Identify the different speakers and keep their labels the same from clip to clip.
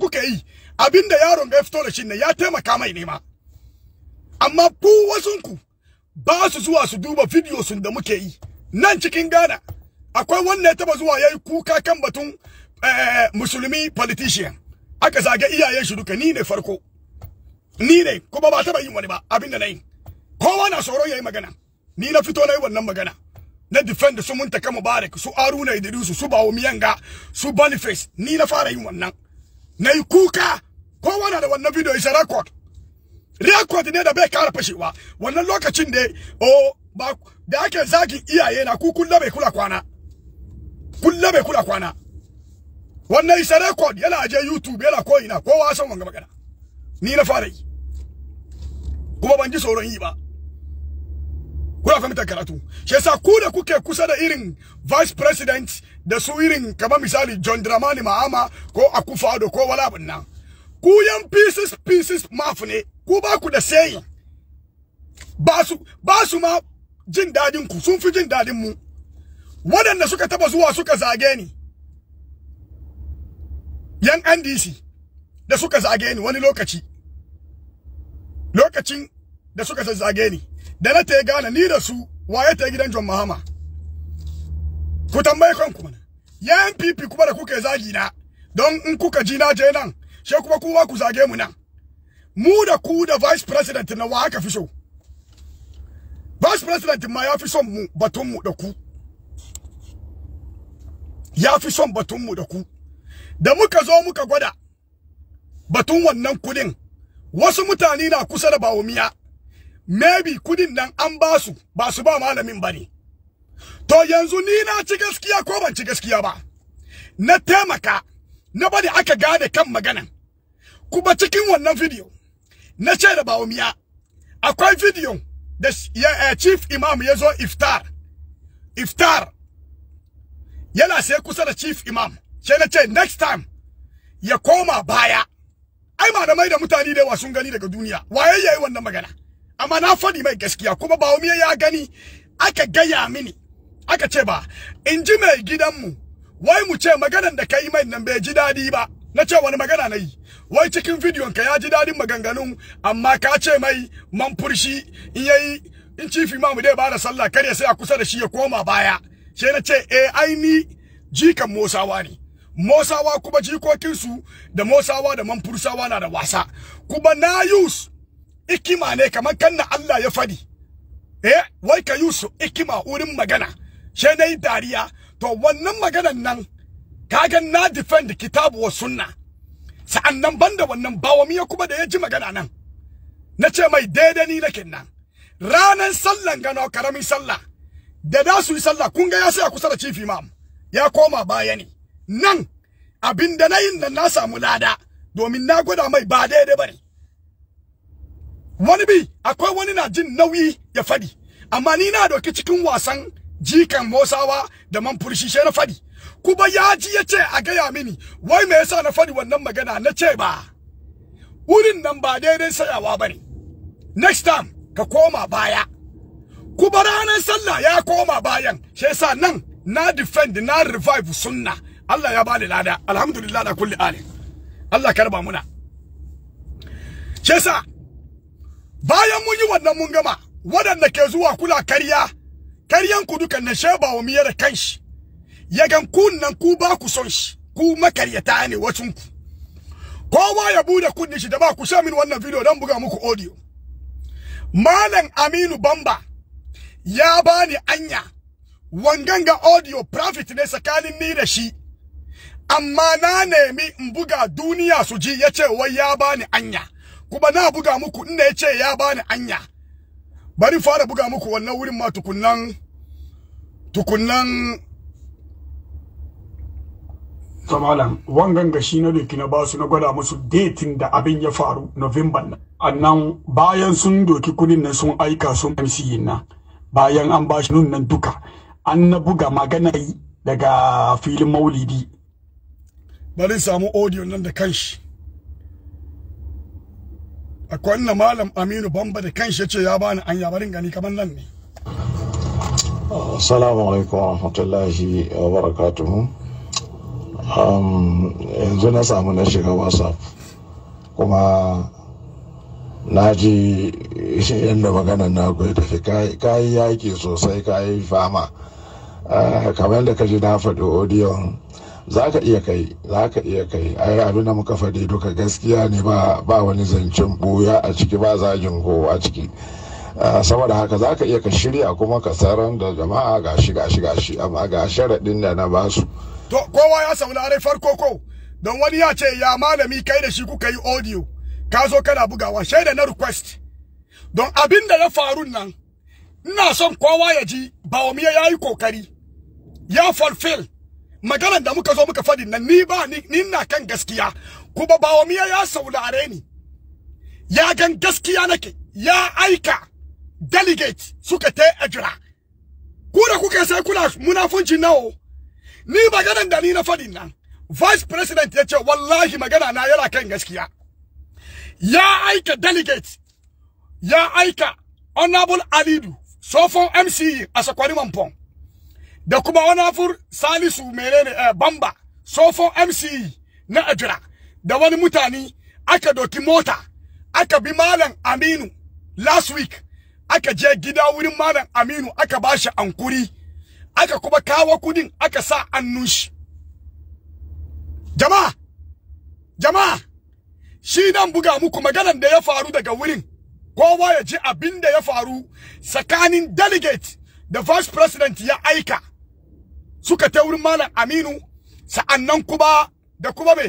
Speaker 1: kuke yi abinda yaron ga fito da shi ne ya taimaka mai ne ma amma ku wasunku ba su zuwa su duba video sun da muke yi nan cikin gana akwai wanda ya taba zuwa yayi kuka kan batun eh, musulmi politician aka zage iyayen shi duka ni ne farko ni ne kuma ba taba yin wani ba abinda na yi kowa na tsoron yayi magana ni na fito nayi wannan magana na defend su mun kama barik su aruna idrisu su bawo miyanga su boniface ni na fara yin wannan na yi kuka kowa na da wannan video is a record record ne da bai kara fashewa wannan lokacin da o oh, ba da ake zagin iyaye na ku labe bai kula kwana kula bai kula kwana wannan isa record yana aje youtube yana ko ina kowa san wanga magana ni na fara yi kuma ban ji tsoron yi ba kuna fahimtar karatu shi yasa ku da kuke kusa da irin vice president da su irin kaba misali John Dramani Mahama ko Akufado ko wala abin nan ku yan pieces pieces mafu ne ku ba ku da sayi ba su ma jin dadin ku sun fi jin dadin mu waɗanda suka taba zuwa suka zage ni yan NDC da suka zage ni wani lokaci lokacin da suka zazzage ni da na ta gane ni da su waye ta gidan John Mahama ku tambaye kanku mana yan pipi kuma da kuka zagi na don in kuka ji na je nan she kuma kowa ku zage mu nan mu da ku da vice president na wa aka fi so vice president ma ya fi son mu batun mu da ku ya fi son batun mu da ku da muka zo muka gwada batun wannan kudin wasu mutane na kusa da bawumiya maybe kudin nan an basu ba su ba malamin bane to yanzu ni na ci gaskiya ko ban ci gaskiya ba na taimaka na bari aka gane kan maganan kuma cikin wannan video na ce da bawumiya akwai video da uh, chief imam ya zo iftar iftar yana sai kusa da chief imam sai na ce next time ya koma baya ai malamai da mutane da yawa sun gani daga duniya waye yayi wannan magana amma na faɗi mai gaskiya kuma bawumiya ya gani aka gaya mini aka ce ba in ji mai mu wai mu ce maganan da ka yi mai nan bai ji daɗi ba na ce wani magana na yi wai cikin bidiyon ka ya ji daɗin maganganun amma ka ce mai man furshi in yayi in cifi mu dai ba da sallah kar ya sai a kusa da shi ya koma baya sai na ce eh ai ni jikan mosawa ne mosawa kuma jikokinsu da mosawa da manfursawa na da wasa kuma na yus ikima ne kamar kanna Allah ya fadi eh wai ka yusu ikima wurin magana shi na dariya to wannan maganar nan kaga na defend kitabu wa sunna sa'annan banda wannan bawo miya kuma da ya ji magana nan na ce mai daidai ni nake nan ranan sallan gano karamin sallah da da su yi sallah kun ga ya sai kusa da chief imam ya koma baya ne nan abin da na yi nan na samu lada domin na gwada mai ba daidai bane wani bi akwai wani na jin nauyi ya fadi amma ni na doki cikin wasan jikan Musawa da man furshi she na fadi kuma ya ji ya ce a gaya mini wai me yasa na fadi wannan magana na ce ba wurin nan ba daidai sayawa bane next time ka koma baya kuma ranar sallah ya koma bayan she yasa nan na defend na revive sunna Allah ya bani lada alhamdulillah da kulli alin Allah karba muna she yasa bayan mun yi wannan mun gama waɗanda ke zuwa kula karya karyan ku dukan na sheba wa miyar kanshi ya gan ku nan ku ba ku son shi ku makaryata ne wacin ku kowa ya bude kunni shi da ba ku sha min wannan video dan buga muku audio malam Aminu Bamba ya bani anya wanganga audio profit ne tsakanin ni da shi amma na nemi in buga duniya su ji yace wai ya bani anya kuma na buga muku inda yace ya bani anya bari fara buga muku wannan wurin ma tukunnan tukunnan Samalan wangan gashi na doki na basu na gwada musu datin da abin ya faru November nan. Annan bayan sun doki kudin na sun aika sun MC na bayan an bashi nun nan duka an na buga magana daga filin maulidi. Bari samu audio nan da kanshi. akwai wannan malam aminu bamba da kanshi ce ya bani an yabarin gani kamar nan ne
Speaker 2: assalamu alaikum wa rahmatullahi wa barakatuhu um, yanzu na samu na shiga whatsapp kuma na ji yadda magana na ya tafi kayi yaki sosai kayi fama ah, kamar da ka ji na faɗi odiyon za ka iya kai za ka iya kai ai abin da muka faɗi duka gaskiya ne ba wani zancen ɓuya a ciki ba zagin kowa a ciki ah, saboda haka za ka iya ka shirya kuma ka tsaron da jama'a gashi gashi gashi amma ga sharaɗin da na basu.
Speaker 1: to kowa ya saurari farko ko don wani ya ce ya malami kai da shi kuka yi audio ka zo kana bugawa shaida na request don abin da ya faru nan ina son kowa ya ji ba ya yi kokari ya fulfill maganar da muka zo muka fadi nan ni ba ni na kan gaskiya kuma miya ya saurare ni ya gan gaskiya nake ya aika delegate suka ta ajira ku da kuka sai kula munafunci nawo ni maganar da ni na fadi nan vice president ya ce wallahi magana na yana kan gaskiya ya aika delegate ya aika honorable alidu sofon mce a sakwari mampong da kuma wani afur salisu menene eh, bamba sofo mc na ajira da wani mutane aka doki mota aka bi malam aminu last week aka je gida wurin malam aminu aka bashi ankuri aka kuma kawo kudin aka sa annushi shi jama'a jama'a shi nan buga muku maganar da ya faru daga wurin kowa ya ji abin da ya faru tsakanin delegate da vice president ya aika suka ta wurin malam aminu sa'annan kuma da kuma me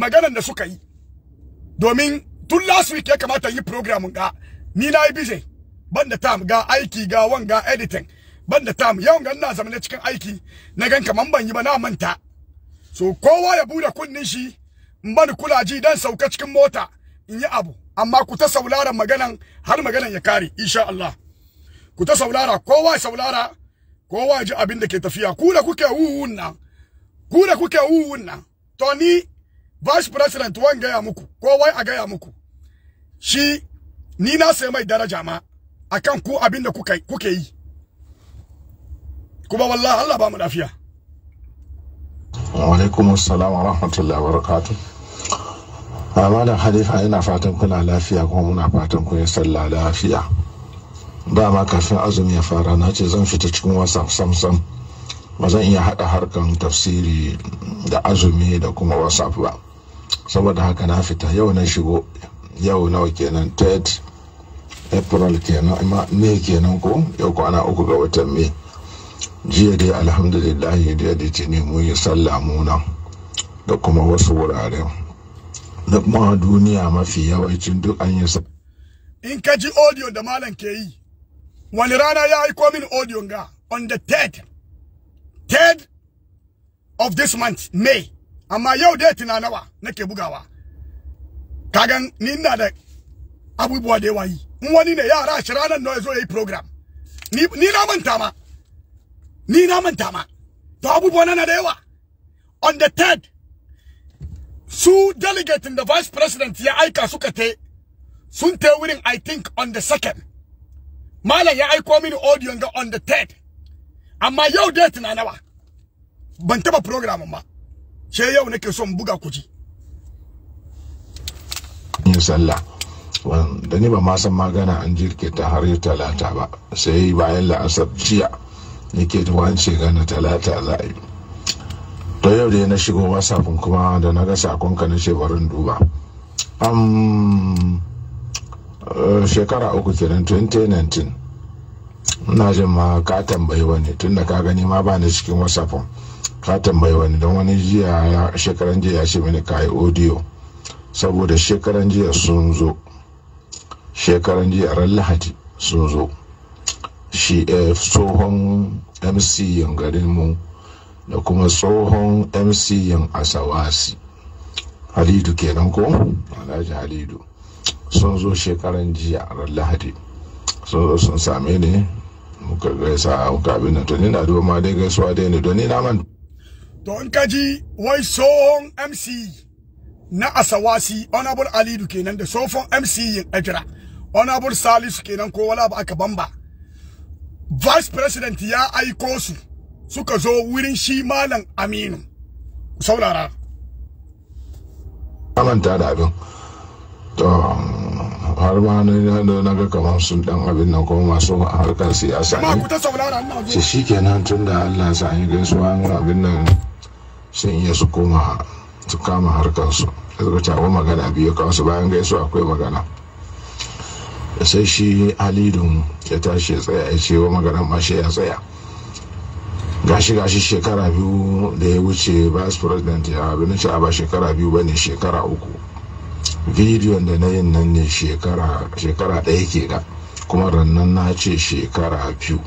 Speaker 1: maganan da suka yi domin tun last week ya kamata yi program ga ni na yi bije ban da tam ga aiki ga wanga editing ban da tam yawan ga ina zama cikin aiki na gan kaman ban yi ba na manta so kowa ya bude kunnin shi in bani kulaji dan sauka cikin mota in yi abu amma ku ta saularan maganan har maganan ya kare insha Allah ku ta saulara kowa ya saulara kowa ji abin da ke tafiya ku da kuke wuwun nan ku da kuke wuwun nan to ni vice president wan gaya muku ko wai a gaya muku shi ni na sai mai daraja ma akan ku abin da kuke kuke yi kuma wallahi Allah ba mu lafiya
Speaker 2: wa alaikum assalam wa rahmatullahi wa barakatuh Malam Halifa ina fatan kuna lafiya kuma muna fatan kun yi sallah lafiya. dama kafin azumi ya fara na ce zan fita cikin whatsapp samsam ba zan iya haɗa harkan tafsiri da azumi da kuma whatsapp ba saboda haka na fita yau na shigo yau nawa kenan ted april kenan me kenan ko yau kwana uku ga watan mai jiya dai alhamdulillah da ne mun yi sallah muna da kuma wasu wurare da kuma duniya mafi yawancin duk an yi
Speaker 1: in ka ji audio da malam ke yi wani rana ya yi komin audio ga on the third third of this month may amma yau dai tunanawa Neke bugawa kagan ni ina da abubuwa da yawa yi ne yara a ranar nawa ya program ni na manta ma ni na manta ma to abubuwa na da yawa on the third su delegating the vice president ya aika suka te sun te i think on the second malam ya aiko mini audio ga on the third amma yau date na nawa ban taba program ba she yau nake son buga kuji
Speaker 2: musalla da ni ba ma san magana an ta har yau talata ba sai bayan la'asar jiya nake da wance gana talata za a yi to yau da na shigo wasafin kuma da na ga sakonka na barin duba um, Eh, shekara uku kenan 2019 ina jin ma ka tambayi wani tun da ka gani ma bani cikin wasafin ka tambayi wani don wani jiya shekaran jiya ya ce mini ka yi audio saboda shekaran jiya sun zo shekaran jiya ran lahadi sun zo shi eh, tsohon mc yin garin mu da kuma tsohon mc yin asawasi halidu kenan ko alhaji halidu sun zo shekaran jiya a ran lahadi sun zo sun same ni muka gaisa muka abin nan to ni na duba ma dai gaisuwa dai ne don ni na man
Speaker 1: to in ka ji wai sohon mc na asawasi honorable alidu kenan da sofon mc yin ajira honorable salisu kenan ko wala ba aka bamba vice president ya aiko su suka zo wurin shi malam aminu saurara
Speaker 2: amanta da abin har ma na ga kamar sun dan abin nan kuma masu harkar siyasa
Speaker 1: ne
Speaker 2: shi shi nan tun da allah sa an yi gaisuwa an abin nan sun iya su koma su kama harkar su daga cewa magana biyu kawo su bayan gaisu akwai magana sai shi halidun ya tashi ya tsaya ya ce wa magana mashi ya tsaya gashi gashi shekara biyu da ya wuce vice president ya abin ce a ba shekara biyu bane shekara uku bidiyon da na yin nan ne shekara ɗaya ke da kuma rannan na ce shekara biyu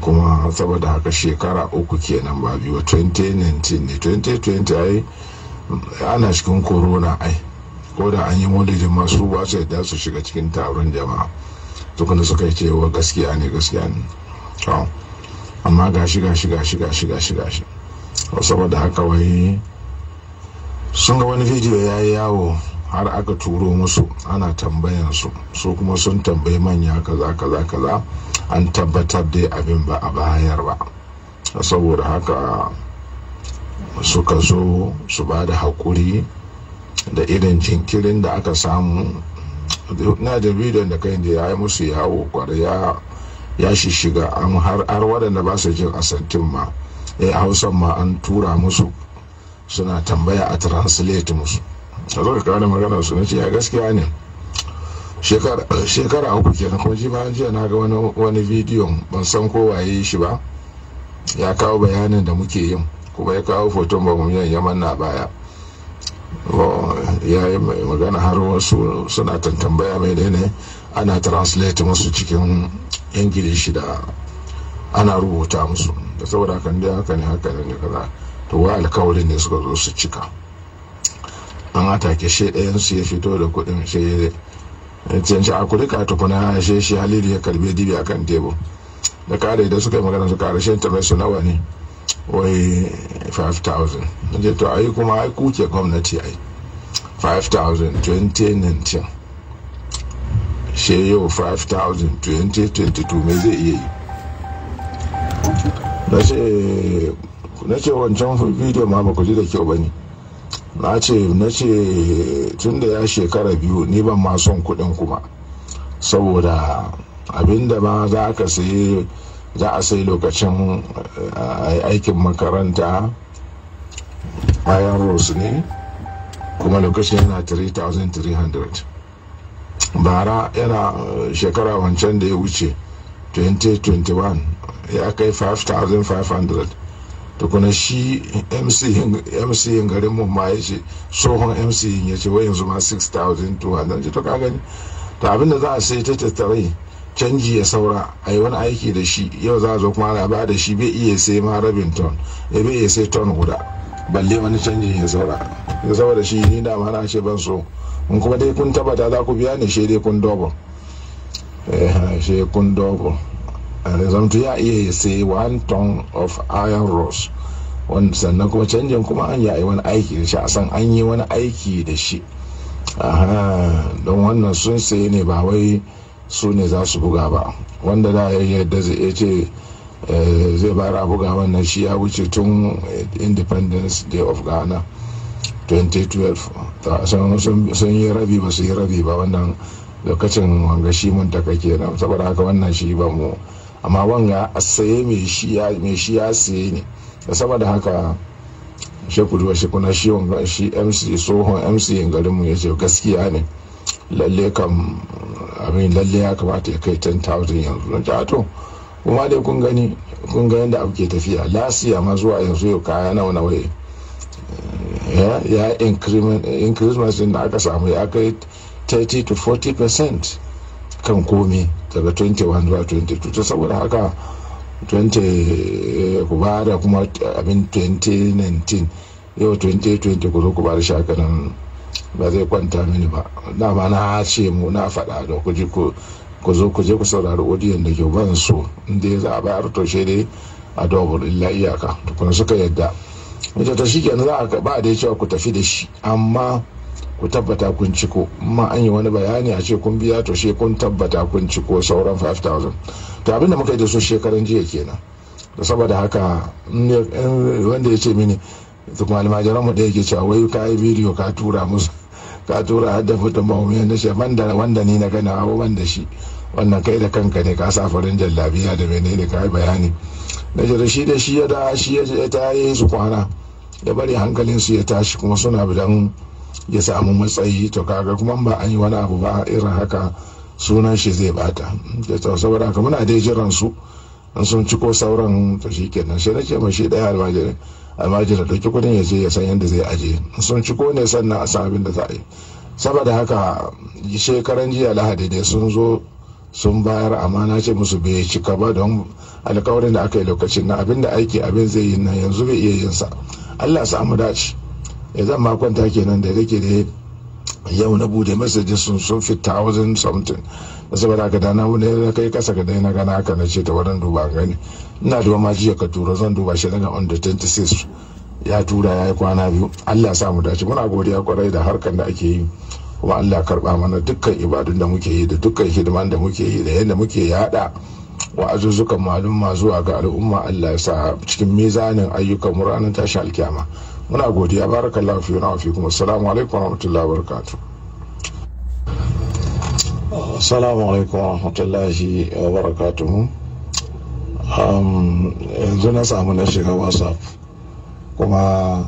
Speaker 2: kuma saboda haka shekara uku kenan ba biyu 2019 ne 2020 ai ana cikin corona ai ko da an yi maulidin masu ba su yadda su shiga cikin taron jama'a tukuna suka yi cewa gaskiya ne gaskiya ne amma gashi gashi gashi gashi gashi gashi saboda haka wai sun ga wani bidiyo ya yi yawo har aka turo musu ana tambayan su su kuma sun tambayi manya kaza kaza kaza an tabbatar dai abin ba a bayar ba saboda haka suka zo su ba da haƙuri da irin jinkirin da aka samu na da bidiyon da kai da ya yi musu yawo kwarya ya shishiga an har har waɗanda ba su jin asantin ma ya eh, hausan ma an tura musu suna tambaya a translate musu a zo ka magana su na ce a gaskiya ne shekara uku kenan kuma ji bayan jiya na ga wani bidiyon ban san ko waye shi ba ya kawo bayanin da muke yin kuma ya kawo foton ba mu yaman na baya ya yi magana har wasu suna tantambaya mai ne ana translate musu cikin ingilishi da ana rubuta musu da saboda kan dai haka ne haka ne kaza to wa alkawarin ne suka zo su cika an atake shi ɗayan su ya fito da kuɗin shi ya canci a kurika tukuna ya shi shi halili ya karbe dibi akan tebur da kare idan suka yi magana su kare shi internet su nawa ne wai 5000 je to ayi kuma ai kuke gwamnati ai 5000 2019 shi yau 5000 2022 mai zai iya yi na ce wancan video ma ba ku ji da kyau ba ne na ce na ce tun da ya shekara biyu ni ban ma son kuɗin kuma saboda abinda ma za ka sayi za a sai lokacin aikin makaranta bayan rose ne kuma lokacin yana 3,300 bara yana eh, shekara wancan da ya wuce 2021 ya kai 5,500 tukuna shi mc yin garin mu ma ya ce tsohon mc yin ya ce wai yanzu ma 6,200 to ka gani ta abin da za a sai ta tattare canji ya saura a yi wani aiki da shi yau za a zo kuma ana ba da shi bai iya sai ma rabin ton ya eh, bai iya sai ton guda balle wani canji ya saura ya da shi ni da mana ce ban so in kuma dai kun tabbata za ku biya ne shi dai kun dogon eh shi kun dogon zamto ya iya ya sayi one ton of iron rods wanda sannan kuma canjin kuma an yi wani aiki da shi a san an yi wani aiki da shi don wannan sun sai ne ba wai su ne za su buga ba wanda da ya yadda zai ce eh, zai bara a buga wannan shi ya wuce tun independence day of ghana 2012 sun yi rabi ba su yi rabi ba wannan lokacin wanga shi mun taka kenan saboda haka wannan shi ba mu amma wanga a saye mai shi ya saye ne da da haka sheku duwa shi kuna shi wanga shi mc tsohon mc garinmu ya ce gaskiya ne lalle kam abin lalle ya kamata ya kai 10,000 yanzu na jato ah, kuma dai kun gani kun ga yadda abu ke tafiya lasiya ma zuwa yanzu yau kaya nawa nawa ya eh, increment din da aka samu ya kai 30 to 40 percent kan komi daga 21 zuwa 22 to saboda haka 20 eh, ku bada kuma abin 2019 yau 2020 ku zo ku bada shakanan ba zai kwanta mini ba na ba na ce mu na faɗa da ku ji ku zo ku je ku saurari odiyon da ke ban so inda ya za a toshe dai a dogon illa iyaka tukuna suka yadda ita ta shi kenan za a ba da ya cewa ku tafi da shi amma ku tabbata kun ciko amma an yi wani bayani a ce kun biya to shi kun tabbata kun ciko sauran 5000 to abinda muka yi da su shekaran jiya kenan da saboda haka wanda ya ce mini kuma almajiran mu da yake cewa wai ka yi bidiyo ka tura musu ka tura hadda da fitan na wanda ni na gana hawa wanda shi wannan kai da kanka ne ka sa farin jallabiya da menene ka yi bayani na jira shi da shi ya da shi ya ta yi su kwana ya bari hankalin su ya tashi kuma suna bidan ya samu matsayi to kaga kuma ba an yi wani abu ba irin haka sunan shi zai bata da to saboda haka muna dai jiran su an sun ciko sauran to shi kenan sai nake ma shi daya almajirin almajirin dauki kudin ya je ya san yadda zai aje sun ciko ne sannan a san abin da za yi saboda haka shekaran jiya lahadi dai sun zo sun bayar amana ce musu bai cika ba don alkawarin da aka yi lokacin na abin da aiki abin zai yi na yanzu bai iya yinsa allah samu dace ya eh, zama kwanta kenan da rike da yau na bude masajin sun so fi thousand something da saboda haka dana wani ya kai kasa ka daina gana haka na ce ta wurin duba gani ina duba ma jiya ka tura zan duba shi daga on 26 ya tura ya yi kwana biyu allah sa mu dace muna godiya kwarai da harkan da ake yi kuma allah karba mana dukkan ibadun da muke yi da dukkan hidiman da muke yi da yadda muke yada wa'azuzzukan malumma zuwa ga al'umma allah ya sa cikin mizanin ayyukan ranar tashi alkyama. muna godiya barakallahu fi wa fi kuma assalamu alaikum wa rahmatullahi wa barakatuh assalamu alaikum wa rahmatullahi wa um, yanzu na samu na shiga whatsapp kuma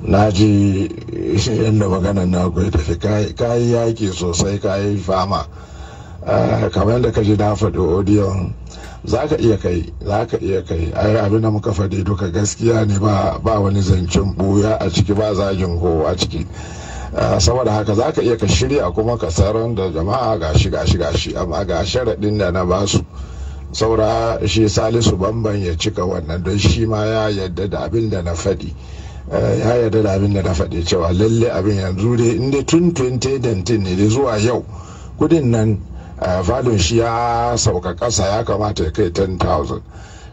Speaker 2: na ji yadda maganan na kai tafi kayi yaki sosai kayi fama Eh, kamar yadda ka ji na faɗi odiyon za ka iya kai za ka iya kai ai abin da muka faɗi duka gaskiya ne ba wani zancen buya a ciki ba zagin kowa ciki eh, saboda haka za ka iya ka shirya kuma ka tsaron da jama'a gashi gashi gashi amma ga sharaɗin da na basu saura shi salisu bamban ya cika wannan don shi ma ya yadda da abin da na faɗi eh, ya yarda da abin da na faɗi cewa lalle abin yanzu dai inda tun 2019 ne zuwa yau kudin nan Eh, fadin shi ya sauka ƙasa ya kamata ya kai 10,000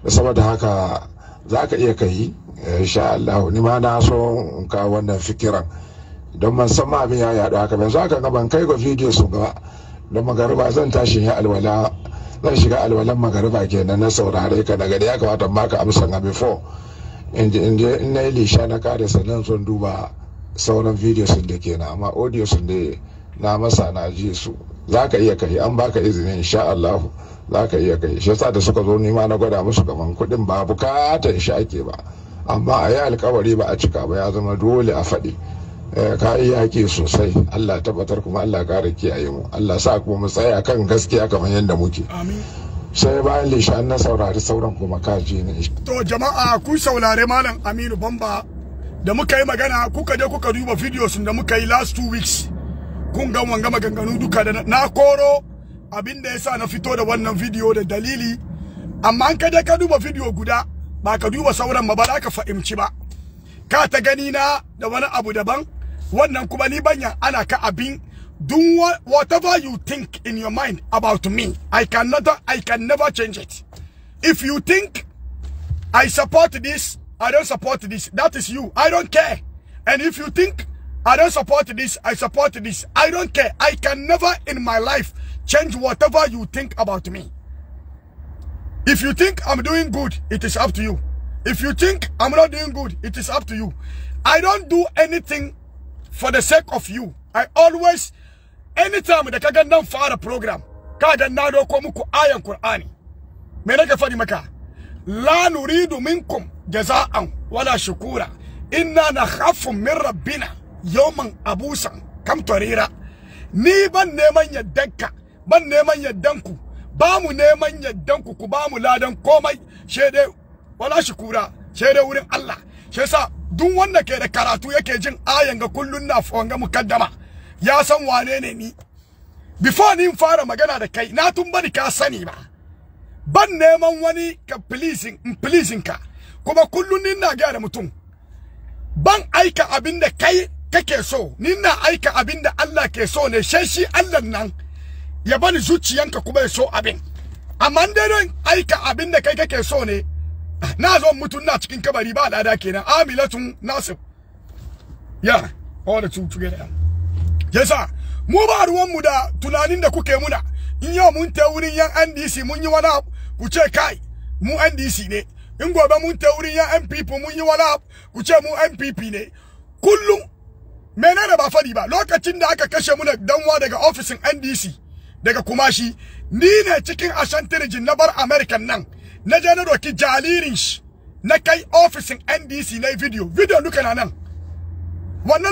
Speaker 2: saboda haka za ka iya kai eh, insha Allah ni ma na so in kawo wannan fikiran don ban san ma abin ya yaɗu haka ba za ka ga ban kai ga video su gaba don magariba zan tashi ya alwala zan shiga alwalan magariba kenan na saurare ka daga da ya kamata ba ka amsa na before in je in na yi lisha na kare sannan zan duba sauran video sun da kenan amma audio sun da na masa na ji su za ka iya kai an baka izini insha Allah za ka iya kai shi yasa da suka zo nima na gwada musu gaban kudin ba bukatan shi ake ba amma a yi alkawari ba a cika ba ya zama dole a faɗi eh, ka yi yaƙi sosai Allah tabbatar kuma Allah kare kiyaye mu Allah sa kuma mu tsaya kan gaskiya kamar yadda muke sai bayan lishan na saurari sauran kuma kaji ne
Speaker 1: to jama'a ku saurare malam Aminu Bamba da muka yi magana kuka je kuka duba videos da muka yi last two weeks gunga gan wanga maganganu duka da na koro abin da yasa na fito da wannan video da dalili amma an ka ka duba video guda ba ka duba sauran ma ba za ka fahimci ba ka ta gani na da wani abu daban wannan kuma ni banyan ana ka abin do whatever you think in your mind about me i cannot i can never change it if you think i support this i don't support this that is you i don't care and if you think I don't support this. I support this. I don't care. I can never in my life change whatever you think about me. If you think I'm doing good, it is up to you. If you think I'm not doing good, it is up to you. I don't do anything for the sake of you. I always, anytime the Kagandam Father fara program, ka ganna doko muku ayan Kurani, mena nake fadi maka? La minkum jaza'an wala shukura. Inna nakhafu min rabbina. yawman abusan kam ni ban neman yaddanka ban neman yaddanku ba mu neman yaddanku ku ba mu ladan komai shede wala shukura shede wurin Allah shi yasa duk wanda ke da karatu yake jin ayan ga kullun na mu mukaddama ya san wane ne ni before ni fara magana da kai na tun bani ka sani ba ban neman wani ka pleasing in pleasing ka kuma kullun ni na ga da mutum ban aika abin da kai kake so ni na aika abin da Allah ke so ne sai shi Allah nan ya bani zuciyanka kuma ya so abin amma dai aika abin da kai kake so ne na zo mutun na cikin kabari ba lada kenan amilatun nasib ya all the two together yasa mu ba ruwan mu da tunanin da kuke muna in yau mun ta wurin yan NDC mun yi wala ku ce kai mu NDC ne in gobe mun ta wurin yan MPP mun yi wala ku ce mu MPP ne kullum menene ba fadi ba lokacin da aka kashe muna danwa daga ofisin NDC daga kumashi ni ne cikin ashantirijin na bar American nan na je na roki jalirin shi na kai ofisin NDC na video video duka na nan wannan